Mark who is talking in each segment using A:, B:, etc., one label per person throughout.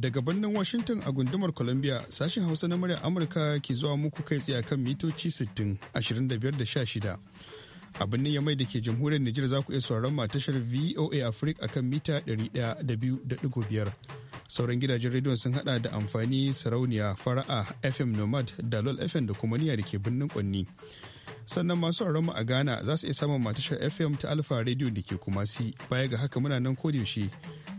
A: Daga birnin Washington a gundumar Columbia sashen Hausa na murya Amurka ke zuwa muku kai tsaye kan mitoci 60, 25 da 16. A birnin Yamai da ke jamhuriyar Nijar za ku iya sauran tashar VOA Africa akan mita 102.5. Sauran gidajen rediyon sun hada da amfani sarauniya fara'a FM Nomad da LOL FM da kuma niya da ke birnin Kwanni. sannan masu mu a ghana za su iya samun matashar fm ta alfa radio da ke kumasi si baya ga haka muna nan daushe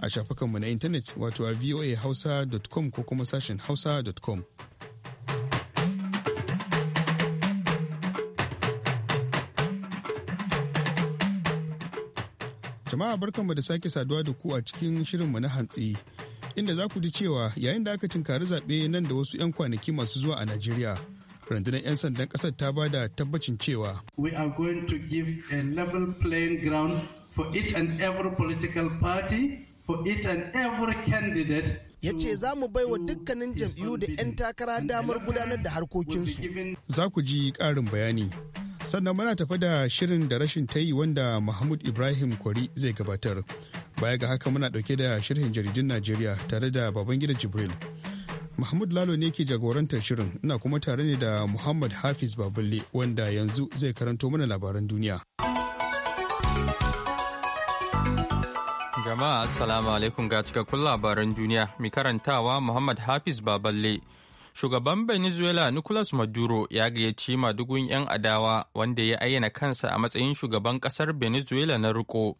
A: a shafukanmu na intanet wato a voahausa.com ko kuma sashen hausa.com jama'a barkanmu da sake saduwa da ku a cikin shirinmu na hantsi inda za ku ji cewa yayin da aka tunkari zaɓe nan da wasu 'yan kwanaki masu zuwa a najeriya rundunar 'yan sandan kasar ta ba da tabbacin cewa
B: we are going to give a level playing ground for each and every political party for each and every candidate
C: ya ce za mu baiwa dukkanin jam'iyyu da 'yan takara damar gudanar da uh, harkokinsu.
A: Za ku ji ƙarin bayani. Sannan muna tafi da shirin da rashin ta yi wanda Mahmud Ibrahim Kwari zai gabatar. Baya ga haka muna ɗauke da shirin jaridun Najeriya tare da baban gida Jibril. Mahmud Lalo ne ke jagorantar shirin ina kuma tare ne da Muhammad Hafiz Baballe wanda yanzu zai karanto mana labaran duniya.
D: Jama'a Assalamu alaikum ga cikakkun labaran duniya mai karantawa Muhammad Hafiz Baballe. Shugaban Venezuela Nicolas Maduro ya gayyaci madugun 'yan adawa wanda ya ayyana kansa a matsayin shugaban kasar Venezuela na riko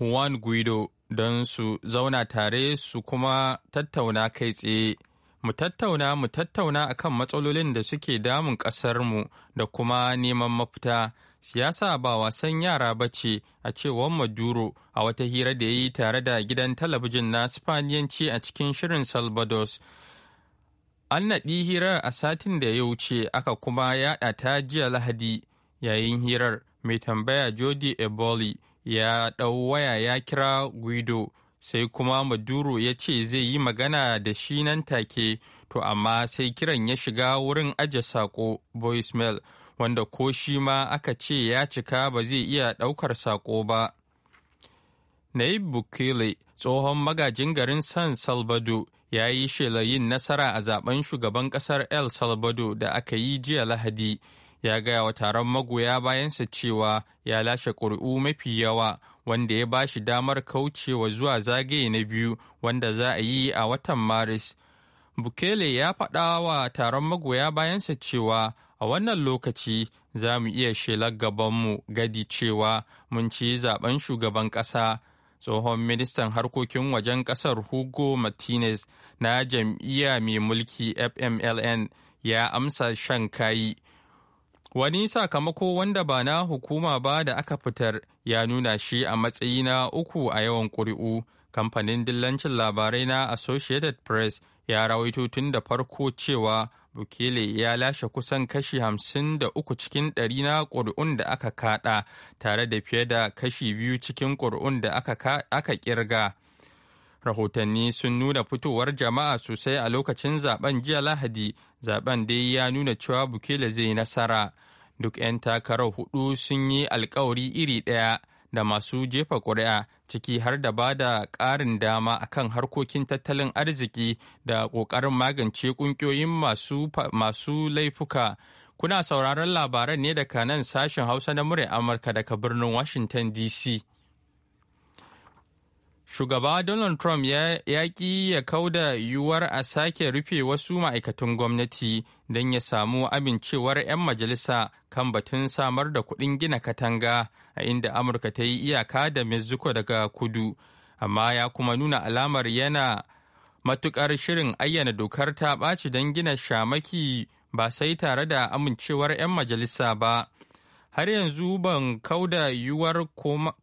D: Juan Guido don su zauna tare su kuma tattauna kai tsaye. mu tattauna mu tattauna akan matsalolin da suke damun mu da kuma neman mafita siyasa ba wasan yara ba ce a cewar maduro a wata hira da ya yi tare da gidan talabijin na spaniyanci a cikin shirin salvados an naɗi hirar a satin da ya wuce aka kuma yaɗa ta jiya lahadi yayin hirar mai tambaya jody eboli ya ɗau waya ya kira guido sai kuma maduro ya ce zai yi magana da shi nan take to amma sai kiran ya shiga wurin aje sako voicemail wanda ko shi ma aka ce ya cika ba zai iya ɗaukar sako ba naib bukele tsohon magajin garin san salbado ya yi yin nasara a zaben shugaban ƙasar el salbado da aka yi jiya lahadi ya gaya wa taron magoya bayansa cewa ya lashe ƙuri'u mafi yawa wanda ya ba shi damar kaucewa zuwa zagaye na biyu wanda za a yi a watan maris bukele ya faɗa wa taron magoya bayansa cewa a wannan lokaci za mu iya shelar gabanmu gadi cewa mun ci zaben shugaban ƙasa tsohon ministan harkokin wajen ƙasar hugo martinez na jam'iyya mai mulki fmln ya amsa shan kayi Wani sakamako wanda ba na hukuma ba da aka fitar ya nuna shi a matsayi na uku a yawan ƙuri'u. Kamfanin dillancin labarai na Associated Press ya rawaito tun da farko cewa Bukele ya lashe kusan kashi hamsin da uku cikin ɗari na ƙuri'un da aka kaɗa tare da fiye da kashi biyu cikin ƙuri'un da aka ƙirga. rahotanni sun nuna fitowar jama'a sosai a lokacin zaben jiya lahadi zaben dai ya nuna cewa bukele zai nasara duk 'yan takarar hudu sun yi alkawari iri ɗaya da masu jefa ƙuri'a ciki har da ba da ƙarin dama akan harkokin tattalin arziki da ƙoƙarin magance ƙungiyoyin masu laifuka kuna sauraron labaran ne daga nan sashen hausa na murya amurka daga birnin washington dc shugaba Donald Trump ya ƙi ya kauda yiwuwar a sake rufe wasu ma'aikatan gwamnati don ya samu amincewar 'yan majalisa kan batun samar da kuɗin gina katanga a inda Amurka ta yi iyaka da Mexico daga kudu, amma ya kuma nuna alamar yana matuƙar shirin ayyana dokar ta ɓaci don gina shamaki ba sai tare da amincewar 'yan majalisa ba. Har yanzu ban kauda yiwuwar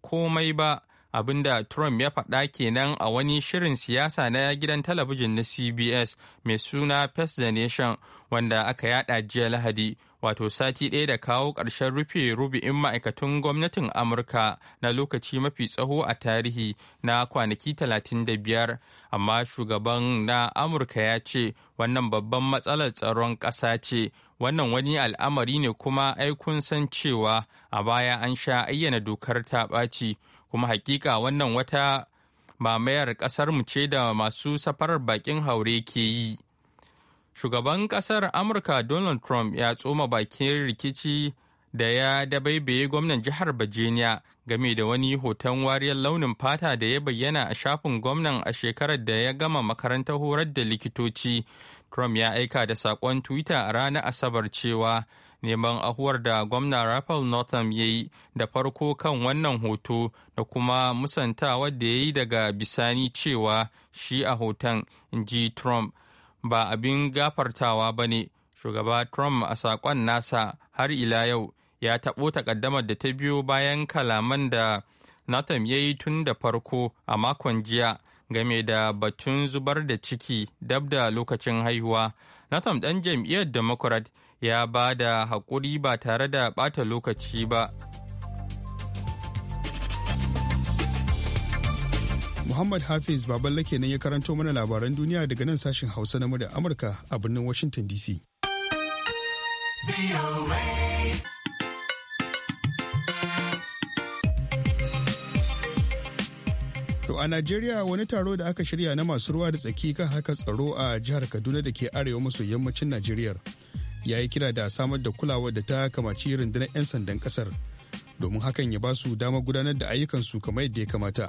D: komai ba. abinda Trump ya faɗa kenan a wani shirin siyasa na gidan talabijin na CBS mai suna First the Nation wanda aka yada jiya Lahadi. Wato sati ɗaya da kawo ƙarshen rufe rubi'in ma'aikatan gwamnatin Amurka na lokaci mafi tsaho a tarihi na kwanaki talatin da biyar amma shugaban na Amurka ya ce wannan babban matsalar tsaron ƙasa ce wannan wani al'amari ne kuma aikun san cewa a baya an sha ayyana dokar ta ɓaci kuma hakika wannan wata mamayar ƙasarmu ce da masu safarar bakin haure ke yi. Shugaban ƙasar Amurka Donald Trump ya tsoma bakin rikici da ya dabaibaye gwamnan jihar Virginia game da wani hoton wariyar launin fata da ya bayyana a shafin gwamnan a shekarar da ya gama makarantar horar da likitoci. Trump ya aika da saƙon Twitter a ranar Asabar cewa neman ahuwar da gwamna Raphael Northam ya yi da farko kan wannan hoto da kuma musantawa da ya yi daga bisani cewa shi a hoton ji Trump ba abin gafartawa ba ne. Shugaba Trump a saƙon nasa har ila yau ya taɓo takaddamar da ta biyo bayan kalaman da Northam ya yi tun da farko a makon jiya game da batun zubar da ciki dab da lokacin haihuwa. Northam ɗan jam'iyyar Democrat ya ba da haƙuri ba tare da ɓata lokaci ba
A: muhammad hafiz lake nan ya karanto mana labaran duniya daga nan sashen hausa na murya amurka a birnin washington dc To a Najeriya wani taro da aka shirya na masu ruwa da tsaki kan haka tsaro a jihar Kaduna da ke arewa maso yammacin Najeriya ya yi kira da samar da kulawa da ta kamaci rundunar 'yan sandan kasar domin hakan ya ba su damar gudanar da ayyukansu kamar yadda ya kamata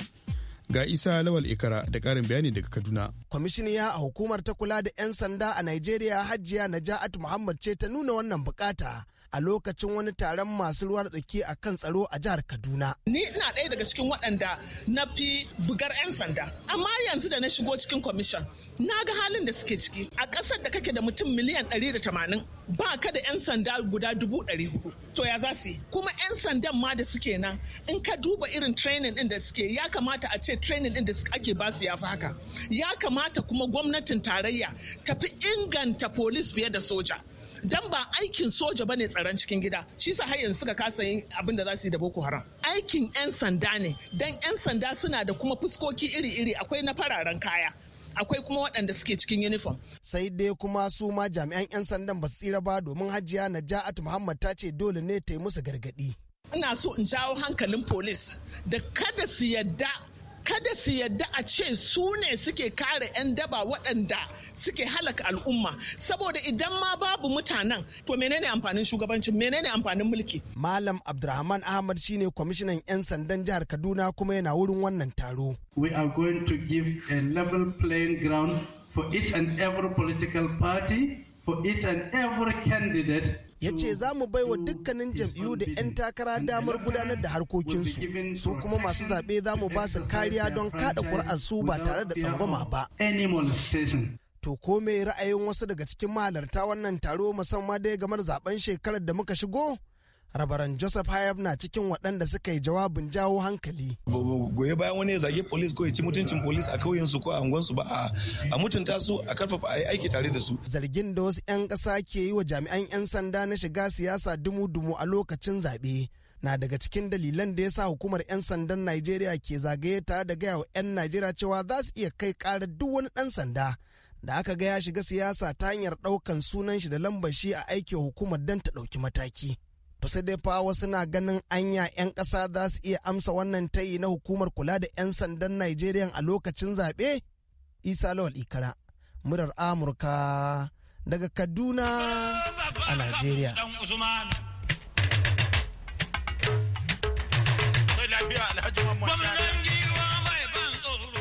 A: Ga Isa Lawal Ikara da ƙarin bayani daga Kaduna.
C: Kwamishiniya a hukumar ta kula da 'yan sanda a Najeriya Hajiya Naja'at Muhammad ce ta nuna wannan bukata. a lokacin wani taron masu ruwa tsaki a kan tsaro a jihar Kaduna. Ni ina ɗaya daga cikin waɗanda na fi bugar 'yan sanda. Amma yanzu da na shigo cikin kwamishin, na ga halin da suke ciki. A ƙasar da kake da mutum miliyan ɗari da tamanin, ba ka da 'yan sanda guda dubu ɗari To ya za su yi? Kuma 'yan sandan ma da suke nan, in ka duba irin training ɗin da suke, ya kamata a ce training din da ake ba su yafi haka ya kamata kuma gwamnatin tarayya tafi inganta police fiye da soja dan ba aikin soja bane tsaron cikin gida shi sa har yanzu suka kasa yin abin da za su yi da boko haram aikin yan sanda ne dan yan sanda suna da kuma fuskoki iri-iri akwai na fararen kaya akwai kuma waɗanda suke cikin uniform. Sai dai kuma su ma jami'an 'yan sandan ba su tsira ba domin hajiya Naja'at Muhammad ta ce dole ne ta yi musu gargaɗi. Ina so in jawo hankalin polis da kada su yadda kada su yadda a ce su ne suke kare 'yan daba waɗanda suke halaka al'umma saboda idan ma babu mutanen to menene amfanin shugabancin menene amfanin mulki malam abdulrahman ahmad shine kwamishinan 'yan sandan jihar kaduna kuma yana wurin wannan taro
B: we are going to give a level playing ground for each and every political party for each and every candidate
C: ya ce za mu baiwa dukkanin jam'iyyu da 'yan takara damar gudanar da harkokinsu su kuma masu zaɓe za mu ba su kariya don kada ƙuri'arsu ba tare da tsangwama ba To ko me ra'ayin wasu daga cikin mahalarta wannan taro musamman dai game da zaben shekarar da muka shigo? rabaran joseph hayab na cikin waɗanda suka yi jawabin jawo hankali
E: goye bayan wani ya zage polis ko ya ci mutuncin polis a kauyen su ko a angon su ba a mutunta su a karfafa a yi aiki tare da su
C: zargin da wasu 'yan kasa ke yi wa jami'an 'yan sanda na shiga siyasa dumu-dumu a lokacin zaɓe na daga cikin dalilan da ya sa hukumar 'yan sandan Najeriya ke zagaye ta da gaya wa 'yan Najeriya cewa za su iya kai ƙarar duk wani ɗan sanda da aka gaya shiga siyasa ta hanyar ɗaukan sunan shi da lambar shi a aiki hukumar dan ta ɗauki mataki. To sai dai fa wasu na ganin anya 'yan ƙasa za su iya amsa wannan tayi na hukumar kula da 'yan sandan Najeriya a lokacin zaɓe? Isa Lawal Ikara, murar Amurka daga Kaduna a Najeriya.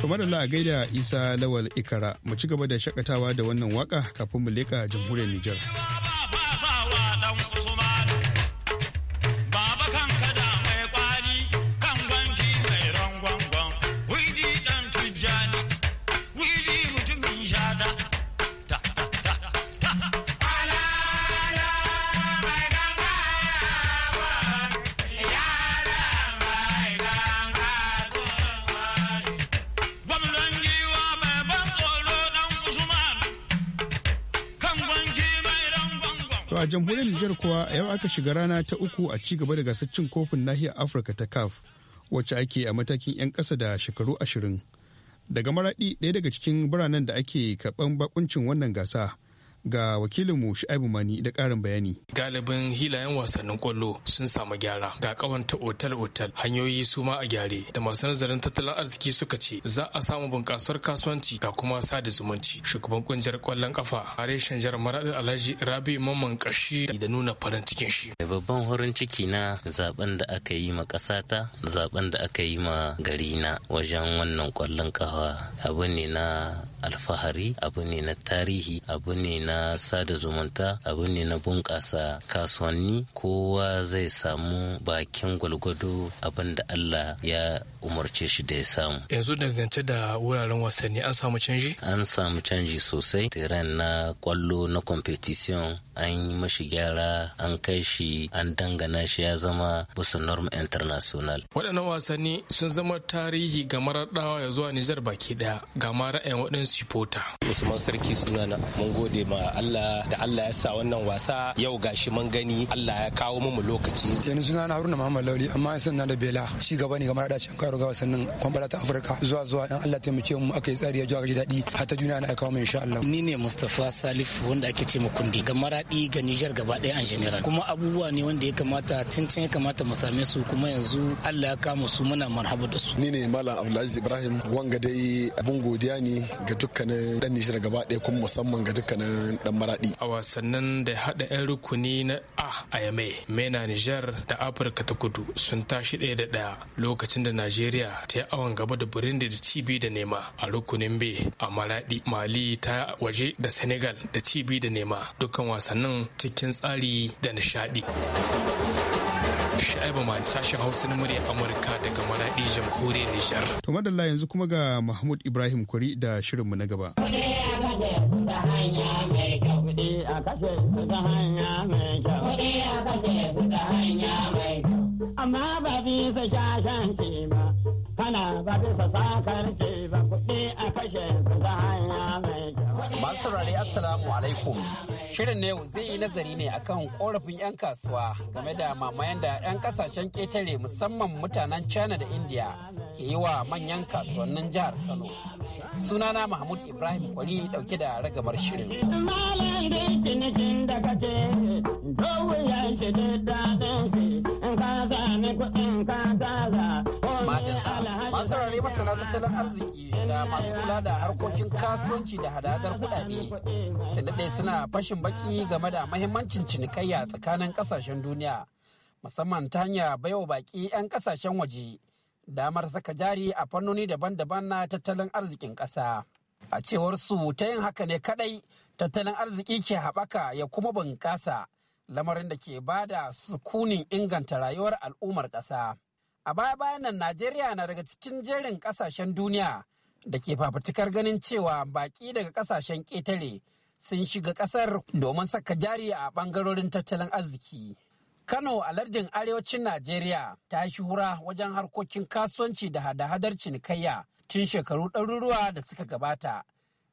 A: kamar Allah gaida Isa Lawal Ikara mu ci gaba da shakatawa da wannan waka kafin mu leka jamhuriyar Nijar. jamhuriyar Nijar kuwa yau aka shiga rana ta uku a ci gaba da gasar cin kofin nahiyar Afirka ta CAF wacce ake a matakin 'yan ƙasa da shekaru ashirin. Daga maraɗi ɗaya daga cikin biranen da ake karɓan bakuncin wannan gasa ga wakilinmu Shu'aibu Mani da ƙarin
F: bayani. Galibin hilayen wasannin kwallo sun samu gyara ga ta otal-otal hanyoyi su ma a gyare da masu nazarin tattalin arziki suka ce za a samu bunƙasar kasuwanci ga kuma sada zumunci. Shugaban kungiyar kwallon kafa a reshen jihar Maradin Alhaji Rabi Mamman Kashi da nuna farin cikin shi.
G: Babban horin ciki na zaben da aka yi ma ƙasata zaben da aka yi ma gari na wajen wannan kwallon kafa abu ne na alfahari abu ne na tarihi abu ne na sada zumunta abu ne na bunƙasa kasuwanni kowa zai samu bakin gwalgwado abin da allah ya umarce shi da ya samu
F: yanzu dangance da wuraren wasanni an samu canji
G: an samu canji sosai tiran na kwallo na competition an yi mashi gyara an kai shi an dangana shi ya zama bisa norm international
F: waɗannan wasanni sun zama tarihi ga maraɗawa ya zuwa nijar baki ɗaya ga ma ra'ayin waɗansu fota usman sarki sunana mun gode ma allah da allah ya sa wannan wasa
E: yau gashi mun gani allah ya kawo mu lokaci yanzu na haruna muhammad lauri amma ya sanna da bela ci gaba ne ga maraɗacin karo ga wasannin kwambala ta afirka zuwa zuwa in allah taimake mu aka yi tsari ya zuwa ga daɗi har ta duniya na aikawa mu insha allah ni ne mustapha salifu wanda ake ce mu kundi ga maraɗi daɗi ga Nijar gaba ɗaya an general kuma abubuwa ne wanda ya kamata tuncin ya kamata mu same su kuma yanzu Allah ya kama su muna marhaba da su ni ne malam Abdulaziz Ibrahim wanga dai abun godiya ne ga dukkanin ɗan Nijar gaba ɗaya kuma musamman ga dukkanin ɗan maraɗi.
F: a wasannin da haɗa yan rukuni na A a Yame Mena Nijar da Afirka ta Kudu sun tashi ɗaya da ɗaya lokacin da Najeriya ta yi awon gaba da Burundi da Cibi da Nema a rukunin B a maraɗi Mali ta waje da Senegal da Cibi da Nema dukkan wasannin nan cikin tsari da nishadi. Sha'ibu Mani sashen Hausa na murya Amurka daga Maradi jamhuriyar Nijar.
A: To madalla yanzu kuma ga Mahmud Ibrahim kuri da shirin mu na gaba.
B: Amma ba bisa shashan
G: ba, kana ba sakar ba, kuɗi a kashe su ta hanya mai Masu saurari Assalamu alaikum. Shirin yau zai yi nazari ne akan korafin 'yan kasuwa game da mamayen da 'yan kasashen ketare musamman mutanen China da India ke yi wa manyan kasuwannin jihar Kano. Sunana Mahmud Ibrahim Kwari dauke da ragamar shirin.
D: Malam
G: da bayanai masana tattalin arziki da masu kula da harkokin kasuwanci da hadadar kudade sai suna fashin baki game da mahimmancin cinikayya tsakanin kasashen duniya musamman ta hanyar baiwa baki 'yan kasashen waje damar saka jari a fannoni daban-daban na tattalin arzikin ƙasa. A cewar su ta yin haka ne kadai tattalin arziki ke haɓaka ya kuma bunƙasa lamarin da ke bada da sukunin inganta rayuwar al'ummar ƙasa. a baya bayan nan najeriya na daga cikin jerin kasashen duniya da ke fafutukar ganin cewa baƙi daga kasashen ƙetare sun shiga ƙasar domin saka jari a ɓangarorin tattalin arziki kano a lardin arewacin najeriya ta shura wajen harkokin kasuwanci da hada-hadar cinikayya tun shekaru ɗaruruwa da suka gabata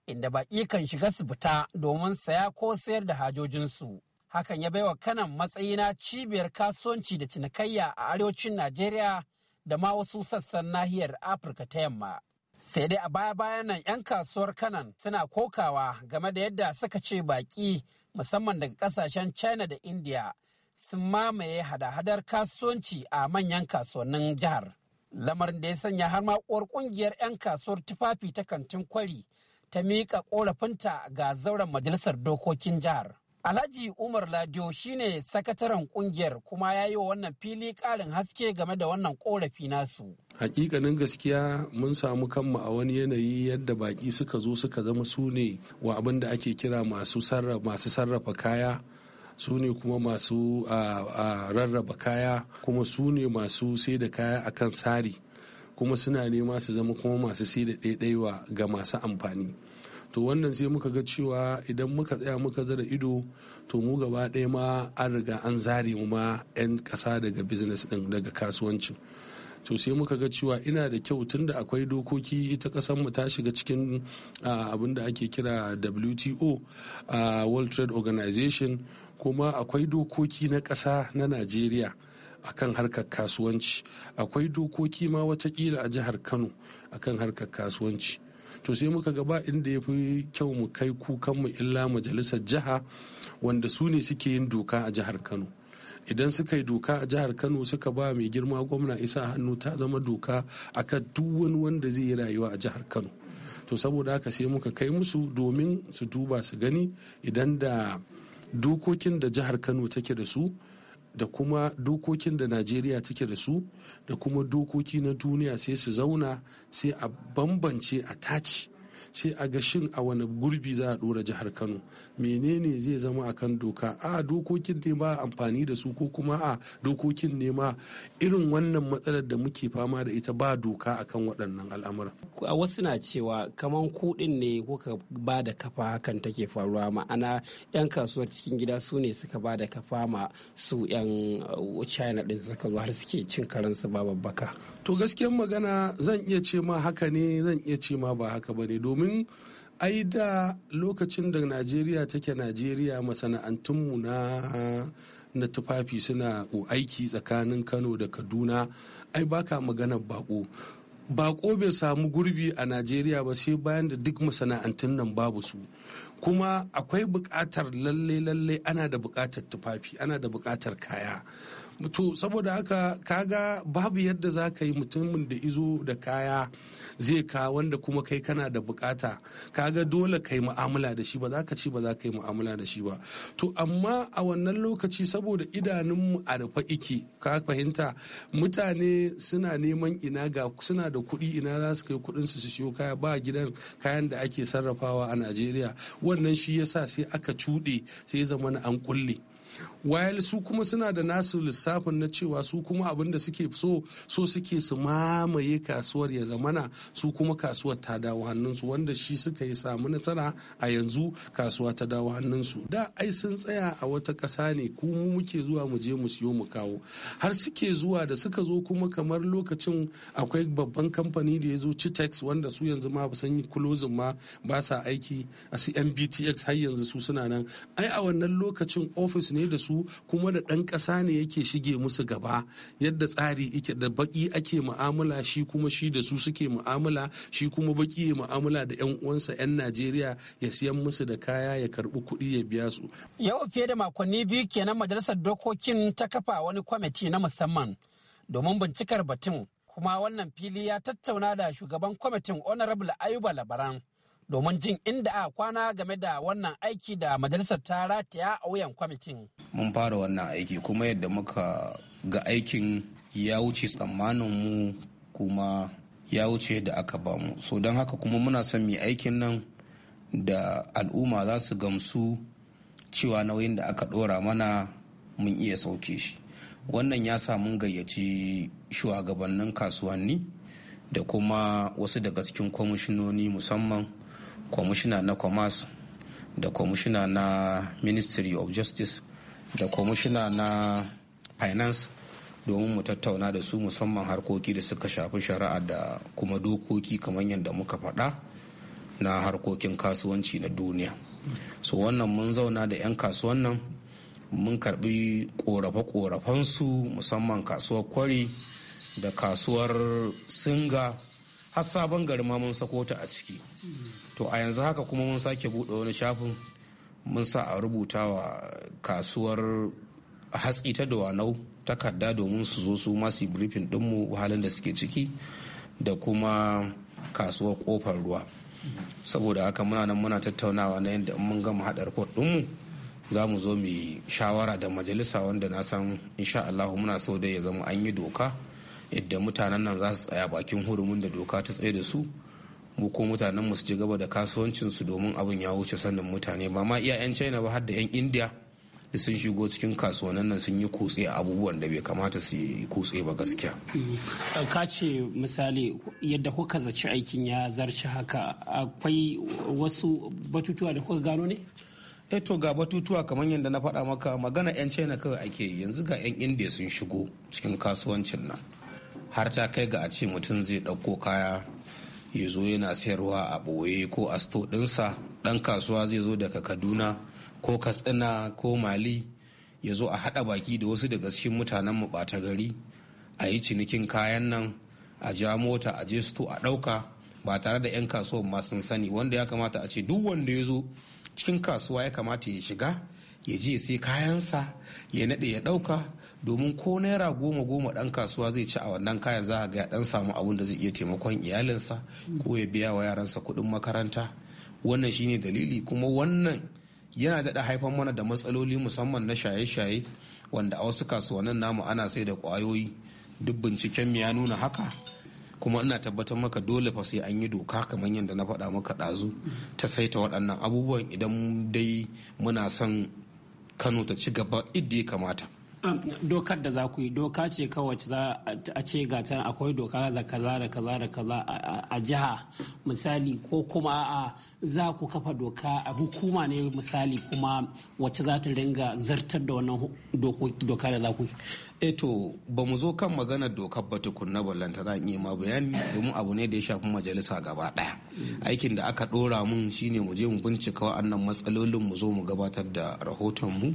G: inda baƙi kan shiga su fita domin saya ko sayar da hajojinsu Hakan ya baiwa kanan matsayi na cibiyar kasuwanci da cinikayya a arewacin Najeriya da ma wasu sassan nahiyar Afirka ta yamma. Sai dai a baya-bayan nan 'yan kasuwar kanan suna kokawa game da yadda suka ce baki musamman daga kasashen China da India sun mamaye hada-hadar kasuwanci a manyan kasuwannin jihar. Lamarin da ya sanya har makuwar kungiyar 'yan kasuwar tufafi ta kantin kwari ta miƙa ƙorafinta ga zauren majalisar dokokin jihar. Alhaji Umar ladio shine sakataren kungiyar kuma ya yi wa wannan fili ƙarin haske game da wannan korafi nasu.
B: Hakikanin gaskiya mun samu kanmu a wani yanayi yadda baƙi suka zo suka zama su ne wa abin da ake kira masu sarrafa kaya. su ne kuma masu rarraba kaya kuma su ne masu sai da kaya akan sari kuma suna nema su zama kuma masu sai da ɗaiɗaiwa ga masu amfani to wannan sai muka ga cewa idan muka tsaya muka zara ido to mu gaba ɗaya ma an riga an zare mu ma 'yan ƙasa daga business ɗin daga kasuwanci to sai muka ga cewa ina da kyau tunda akwai dokoki ita ƙasar mu ta shiga cikin abin da ake kira WTO World Trade Organization kuma akwai dokoki na ƙasa na Najeriya. akan harkar kasuwanci akwai dokoki ma watakila a jihar kano akan harkar kasuwanci to sai muka ga ba inda ya fi kyau mu kai kukanmu illa majalisar jiha wanda su ne suke yin doka a jihar kano idan suka yi doka a jihar kano suka ba mai girma gwamna isa hannu ta zama doka akan duk wani wanda zai yi rayuwa a jihar kano to saboda haka sai muka kai musu domin su duba su gani idan da dokokin da jihar kano take da su da kuma dokokin da najeriya take da su da kuma dokoki na duniya sai su zauna sai a bambance a taci sai a ga shin a wani gurbi za a dora jihar kano menene zai zama a kan doka a dokokin ne ba amfani da su ko kuma a dokokin ne ma irin wannan matsalar da muke fama da ita ba doka a kan waɗannan al'amuran a wasu na cewa kaman kuɗin ne
G: kuka ba da kafa hakan take faruwa ma'ana 'yan kasuwar cikin gida su ne suka ba da
B: kafa ma su 'yan uh, china ɗin suka zo har suke cin karansu ba babbaka to gaskiyan magana zan iya ce ma haka ne zan iya ce ma ba haka ba ne domin ai da lokacin da najeriya take najeriya masana'antunmu na na tufafi suna aiki tsakanin kano da kaduna ai baka maganar bako bako bai samu gurbi a najeriya ba sai bayan da duk masana'antun nan babu su kuma akwai buƙatar lalle lalle ana da bukatar tufafi ana da bukatar kaya to saboda haka kaga babu yadda za ka yi mutumin da izo da kaya zai ka wanda kuma kai kana da bukata kaga dole ka yi mu'amala da shi ba za ka ce ba za ka yi mu'amala da shi ba to amma a wannan lokaci saboda idanun mu a rufe iki ka fahimta mutane suna neman ina ga suna da kuɗi ina za su kai kuɗin su su siyo kaya ba gidan kayan da ake sarrafawa a najeriya wannan shi yasa sai aka cuɗe sai zamana an kulle wayal su kuma suna da nasu lissafin na cewa su kuma abin da suke so so suke su mamaye kasuwar ya zamana su kuma kasuwar ta dawo hannunsu wanda shi suka yi samu nasara a yanzu kasuwa ta dawo hannunsu da ai sun tsaya a wata ƙasa ne ku mu muke zuwa mu je mu siyo mu kawo har suke zuwa da suka zo kuma kamar lokacin akwai babban kamfani da ya zo citex wanda su yanzu ma san yi closing ma ba sa aiki a su har yanzu su suna nan ai a wannan lokacin ofis ne da su kuma da ɗan ƙasa ne yake shige musu gaba yadda tsari ike da baƙi ake mu'amala shi kuma shi da su suke mu'amala shi kuma baƙi ya mu'amala da 'yan uwansa 'yan Najeriya ya siyan musu da kaya ya karɓi kuɗi ya biya su. Yau fiye da makonni biyu kenan
G: majalisar dokokin ta kafa wani kwamiti na musamman domin bincikar batun kuma wannan fili ya tattauna da shugaban kwamitin honorable ayuba labaran domin jin inda a kwana game da wannan aiki da majalisar ta rataya a wuyan kwamitin.
F: Mun
E: fara wannan aiki kuma yadda muka ga aikin ya wuce tsammanin mu kuma ya wuce da aka bamu. So don haka kuma muna son mai aikin nan da al'umma za su gamsu cewa nauyin da aka ɗora mana mun iya sauke shi. Wannan ya sa mun gayyaci shugabannin kasuwanni da kuma wasu daga cikin kwamishinoni musamman. kwamishina na commerce da kwamishina na ministry of justice da kwamishina na finance domin mu tattauna da su musamman harkoki da suka shafi shari'a da kuma dokoki kamar yadda muka faɗa na harkokin kasuwanci na duniya so wannan mun zauna da 'yan kasuwan nan mun karbi korafe-korafensu musamman kasuwar kwari da kasuwar singa har sabon gari ma mun sako ta a ciki to a yanzu haka kuma mun sake buɗe wani shafin mun sa a rubuta wa kasuwar hatsi ta dawanau takarda domin su zo su masu briefing dinmu halin da suke ciki da kuma kasuwar kofar ruwa saboda haka muna nan muna tattaunawa na yadda mun gama haɗar kwa ɗinmu za mu zo mu shawara da majalisa wanda na san insha Allah muna so dai ya zama an yi doka yadda mutanen nan za su tsaya bakin hurumin da doka ta tsaye da su mu ko mutanen mu su ci gaba da kasuwancin su domin abin ya wuce sannan mutane ba ma iya 'yan china ba har da 'yan india da sun shigo cikin kasuwannin nan sun yi kutse a abubuwan da bai kamata su yi kutse ba gaskiya.
G: Mm. ka ce misali yadda kuka zaci aikin ya zarci haka akwai wasu batutuwa da kuka gano ne? eh to ga batutuwa kamar yadda na faɗa maka magana 'yan
E: china kawai ake yanzu ga 'yan india sun shigo cikin kasuwancin nan har ta kai ga a ce mutum zai ɗauko kaya ya zo yana sayarwa a ɓoye ko a sto ɗinsa ɗan kasuwa zai zo daga kaduna ko katsina ko mali ya zo a haɗa baki da wasu daga cikin mutanen mu ɓata gari a yi cinikin kayan nan a ja mota a je sto a ɗauka ba tare da 'yan kasuwan ma sun sani wanda ya kamata a ce duk wanda ya zo cikin kasuwa ya kamata ya shiga ya je sai kayansa ya naɗe ya ɗauka domin ko naira goma goma dan kasuwa zai ci a wannan kayan za ga ya dan samu abun da zai iya taimakon iyalinsa ko ya biya wa yaransa kuɗin makaranta wannan shine dalili kuma wannan yana daɗa haifar mana da matsaloli musamman na shaye-shaye wanda a wasu kasuwannin namu ana sai da ƙwayoyi duk binciken ya nuna haka kuma ina tabbatar maka dole fa sai an yi doka kamar yadda na faɗa maka ɗazu ta saita waɗannan abubuwan idan dai muna son kano ta ci gaba idda ya kamata
G: Um, dokar da za ku yi doka ce kawai za a ce gata akwai doka da kaza da kaza da kaza a jiha misali ko kuma a za ku kafa doka a hukuma ne misali kuma wacce za ta ringa zartar da wannan doka da za ku yi
E: eto eh ba mu zo kan maganar dokar ba tukunna ballanta za yi ma bayani domin abu ne da ya shafi majalisa gaba daya aikin da aka dora mun shine mu je mu bincika wa'annan matsalolin mu zo mu gabatar da rahoton mu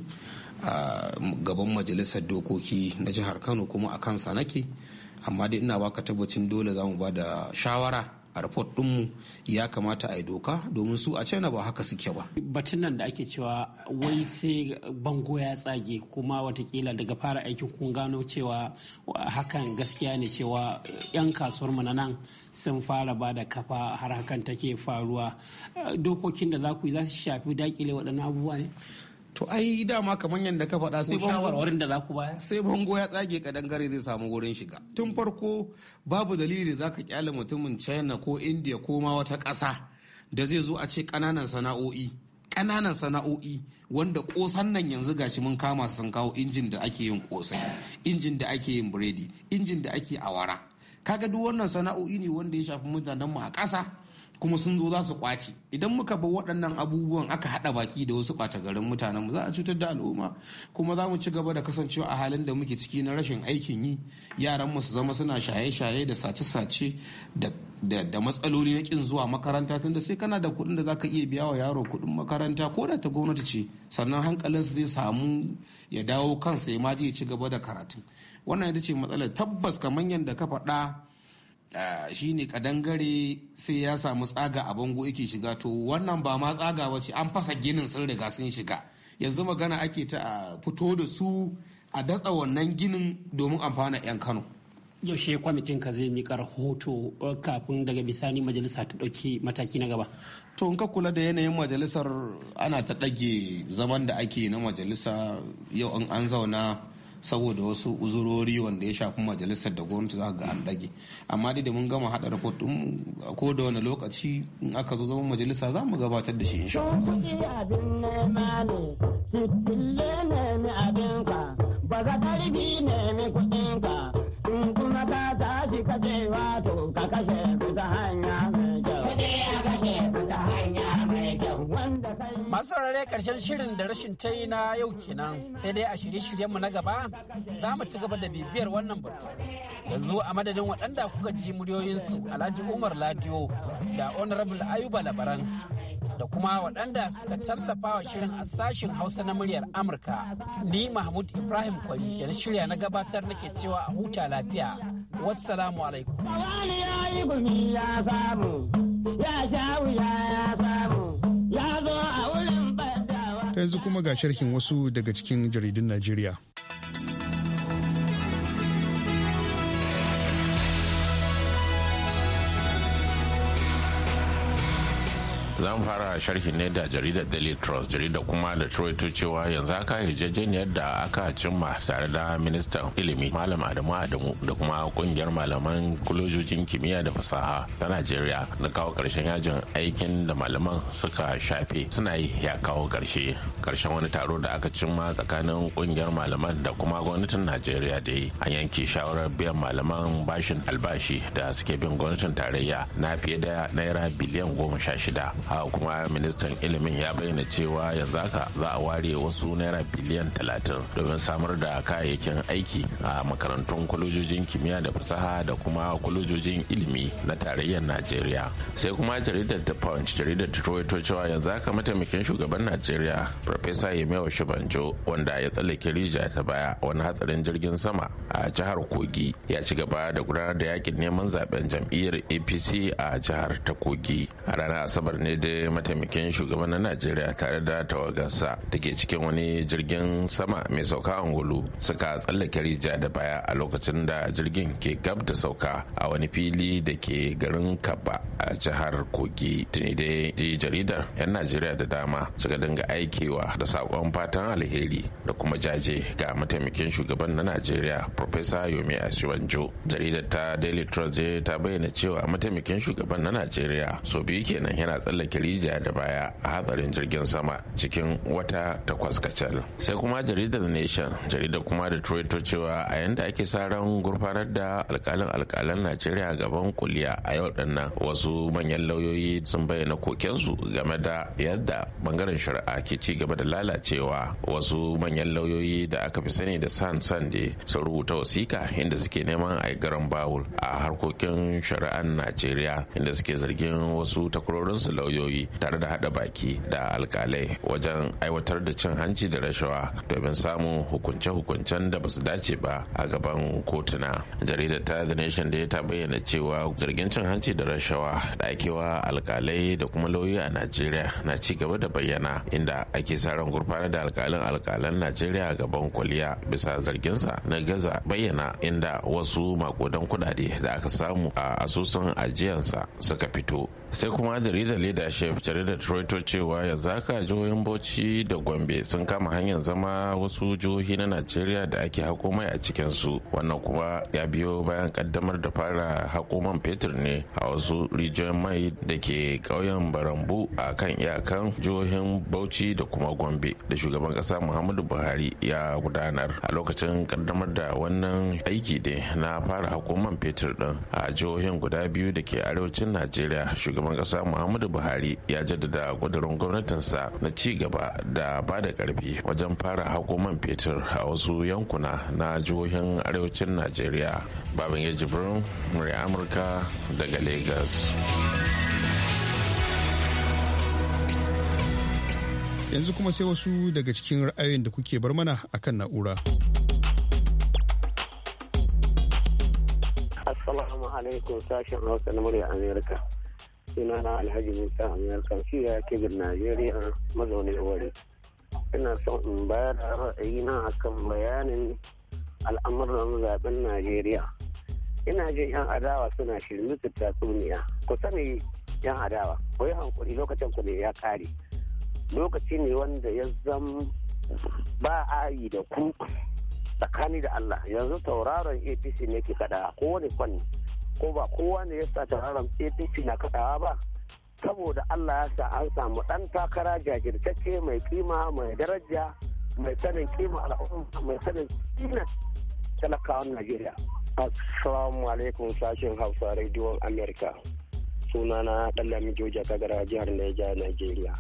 E: a gaban majalisar dokoki na jihar kano kuma a kansa nake amma dai ina baka tabbacin dole za mu ba da shawara a report dinmu ya kamata a yi doka domin su a china ba haka suke ba
G: batun nan da ake cewa wai sai bango ya tsage kuma watakila daga fara aikin kun gano cewa hakan gaskiya ne cewa yan kasuwar mu na nan sun fara ba da kafa har hakan take faruwa dokokin da za ku yi za su shafi dakile waɗannan abubuwa ne to ai dama kamar yadda ka faɗa sai shawarwarin
E: da za ku baya sai bango ya tsage kadangare zai samu wurin shiga tun farko babu dalili da ka kyale mutumin china ko india ko ma wata ƙasa da zai zo a ce ƙananan sana'o'i ƙananan sana'o'i wanda ƙosan nan yanzu gashi mun kama sun kawo injin da ake yin ƙosai injin da ake yin biredi injin da ake awara kaga duk wannan sana'o'i ne wanda ya shafi mutanenmu a ƙasa kuma sun zo za su kwace idan muka bar waɗannan abubuwan aka haɗa baki da wasu ɓata garin mutanen mu za a cutar da al'umma kuma za mu ci gaba da kasancewa a halin da muke ciki na rashin aikin yi yaran mu su zama suna shaye-shaye da sace-sace da matsaloli na kin zuwa makaranta tunda sai kana da kuɗin da zaka iya biya wa yaro kuɗin makaranta ko da ta gwamnati ce sannan hankalin su zai samu ya dawo kansa ya ma ya ci gaba da karatu wannan ita ce matsalar tabbas kamar yadda ka faɗa Ah, shi ne kadangare sai ya samu tsaga a bango yake shiga to wannan ba ma tsaga ba ce an fasa ginin sun riga sun shiga yanzu magana ake ta a fito da
G: su a datsa wannan ginin domin amfana 'yan kano yaushe kwamitin ka zai mika rahoto uh, kafin daga bisani majalisa ta ɗauki mataki na gaba to in ka kula da yanayin majalisar
E: ana ta ɗage zaman da ake na majalisa yau in an zauna saboda wasu uzurori wanda ya shafi majalisar da gwamnati za ga an dage amma dai da mun gama hada report ko da wani lokaci in aka zo zama majalisa za mu gabatar da shi insha Allah
G: kuɗinka in kuma ta tashi kashewa to ka kashe Masu saurare karshen shirin da rashin ta yi na yau kenan sai dai a shirye-shiryenmu na gaba za mu ci gaba da bibiyar wannan batu. Yanzu a madadin waɗanda kuka ji muryoyinsu Alhaji Umar Ladiyo da Honorable Ayuba Labaran da kuma waɗanda suka tallafa wa shirin a sashin Hausa na muryar Amurka. Ni Mahmud Ibrahim Kwari da na shirya na gabatar nake cewa a huta lafiya. Wassalamu alaikum. Ya ya ya sha
A: yanzu kuma ga sharhin wasu daga cikin jaridun Najeriya.
H: zan fara sharhi ne da jaridar daily trust jaridar kuma da troito cewa yanzu aka yarjejeniyar da aka cimma tare da ministan ilimi malam adamu adamu da kuma kungiyar malaman kulojojin kimiyya da fasaha ta najeriya na kawo karshen yajin aikin da malaman suka shafe suna yi ya kawo karshe karshen wani taro da aka cimma tsakanin kungiyar malaman da kuma gwamnatin najeriya da yi an yanke shawarar biyan malaman bashin albashi da suke bin gwamnatin tarayya na fiye da naira biliyan goma sha shida kuma ministan ilimin ya bayyana cewa yanzu haka za a ware wasu naira biliyan talatin domin samar da kayayyakin aiki a makarantun kwalejojin kimiyya da fasaha da kuma kwalejojin ilimi na tarayyar najeriya sai kuma jaridar ta punch jaridar ta to cewa yanzu haka mataimakin shugaban najeriya Profesa yemewa shibanjo wanda ya tsallake rijiya ta baya wani hatsarin jirgin sama a jihar kogi ya ci gaba da gudanar da yakin neman zaben jam'iyyar apc a jihar ta kogi a ranar asabar ne dai mataimakin shugaban na najeriya tare da tawagarsa da ke cikin wani jirgin sama mai sauka angulu suka tsallake rijiya da baya a lokacin da jirgin ke gab da sauka a wani fili da ke garin kaba a jihar kogi tuni dai jaridar 'yan najeriya da dama suka dinga aikewa da sakon fatan alheri da kuma jaje ga mataimakin shugaban na najeriya profesa yomi asibanjo jaridar ta daily trust ta bayyana cewa mataimakin shugaban na najeriya so biyu kenan yana tsallake kirija da baya a hatsarin jirgin sama cikin wata takwas kacal sai kuma jaridar nation jaridar kuma da toyota cewa a yanda ake sa ran gurfanar da alkalin alkalan najeriya gaban kuliya a yau din nan wasu manyan lauyoyi sun bayyana kokensu game da yadda bangaren shari'a ke ci gaba da lalacewa wasu manyan lauyoyi da aka fi sani da san sande sun rubuta wasiƙa inda suke neman a garan bawul a harkokin shari'an najeriya inda suke zargin wasu takwarorinsu lauyoyi lauyoyi tare da haɗa baki da alkalai wajen aiwatar da cin hanci da rashawa domin samun hukunce-hukuncen da ba su dace ba a gaban kotuna jaridar ta the nation da ta bayyana cewa zargin cin hanci da rashawa da akewa alkalai da kuma lauyoyi a najeriya na ci gaba da bayyana inda ake sa ran gurfanar da alkalin alkalan najeriya a gaban kwaliya bisa zarginsa na gaza bayyana inda wasu makudan kudade da aka samu a asusun ajiyansa suka fito sai kuma jaridar tare jaridar troito cewa yanzu haka jihohin bauchi da gombe sun kama hanyar zama wasu jihohi na najeriya da ake hako mai a cikinsu wannan kuma ya biyo bayan kaddamar da fara hako man fetur ne a wasu rijiyoyin mai da ke ƙauyen barambu a kan iyakan jihohin bauchi da kuma gombe da shugaban ƙasa muhammadu buhari ya gudanar a lokacin kaddamar da wannan aiki ne na fara hako man fetur din a jihohin guda biyu da ke arewacin najeriya shugaban shugaban kasa muhammadu buhari ya jaddada kudurin gwamnatinsa na ci gaba da ba da karfi wajen fara hako man fetur a wasu yankuna na jihohin arewacin najeriya babin ya jibrin murya amurka daga lagos
A: yanzu kuma sai wasu daga cikin ra'ayoyin da kuke bar mana akan na'ura
H: Assalamu
G: alaikum sashen Hausa na murya Amerika. suna na alhaji musa kamfiya ke gina najeriya mazaunin wari ina son in bayar da na akan bayanin al'amuran zaben najeriya ina jin yan adawa suna shirme su tatsuniya ku sani yan adawa ku yi hankuri lokacin ku ne ya kare lokaci ne wanda ya zam ba a yi da ku tsakani da allah yanzu tauraron apc ne ke kada kowane kwanne ko ba kowa ne ya sa tauraron apc na kaɗawa ba saboda allah ya sa an samu dan takara jajirtacce mai kima mai daraja mai sanin kima al'umma mai sanin kina talakawan najeriya assalamu alaikum sashen hausa rediyon america sunana ɗan joja kagara jihar neja nigeria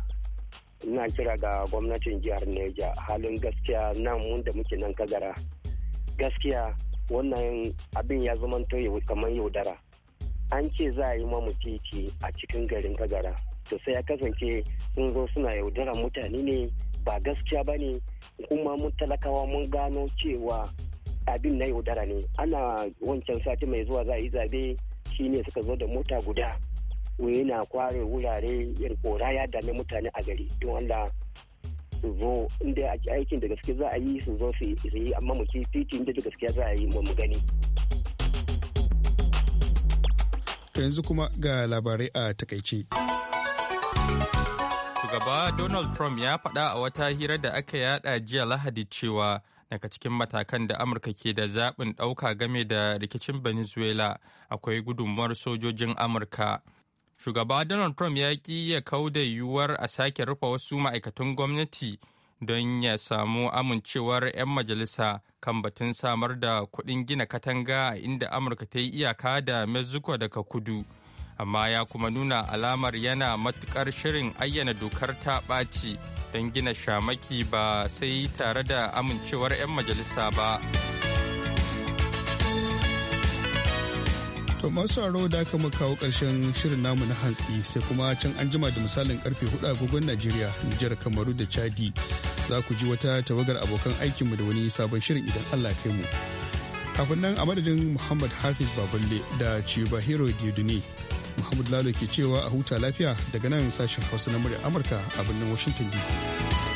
G: ina kira ga gwamnatin jihar neja halin gaskiya nan mun da muke nan kagara gaskiya wannan abin ya zamanto yau kamar yaudara an ce za a yi mamu titi a cikin garin kagara to sai ya kasance sun zo suna yaudara mutane ne ba gaskiya ba ne kuma mun talakawa mun gano cewa abin na yaudara ne ana wancan sati mai zuwa za a yi zabe ne suka zo da mota guda na kware wurare yin kora ya dame mutane a gari don Allah su zo inda aikin da gaske za a yi su zo su yi amma mu inda da gaske za a yi mu gani.
A: To yanzu kuma ga labarai a takaice.
D: Shugaba Donald Trump ya faɗa a wata hira da aka yaɗa jiya Lahadi cewa daga cikin matakan da amurka ke da zaɓin ɗauka game da rikicin venezuela akwai gudunmuwar sojojin amurka shugaba donald trump ya ƙi ya kau da yiwuwar a sake rufe wasu ma'aikatan gwamnati don ya samu amincewar 'yan majalisa kan batun samar da kuɗin gina katanga a inda amurka ta yi iyaka da mexico daga kudu amma ya kuma nuna alamar yana matukar shirin ayyana dokar ta ɓaci don gina shamaki ba sai tare da amincewar 'yan majalisa ba.
A: To masu sauraro da aka muka kawo ƙarshen shirin namu na hantsi sai kuma can an jima da misalin karfe hudu agogon Najeriya, Nijar, Kamaru da Chadi. Za ku ji wata tawagar abokan aikinmu da wani sabon shirin idan Allah kai mu. Kafin nan a madadin Muhammad Hafiz Baballe da Ciba Hero Diodune, Muhammad Lalo ke cewa a huta lafiya daga nan sashen Hausa na murya Amurka a birnin Washington DC.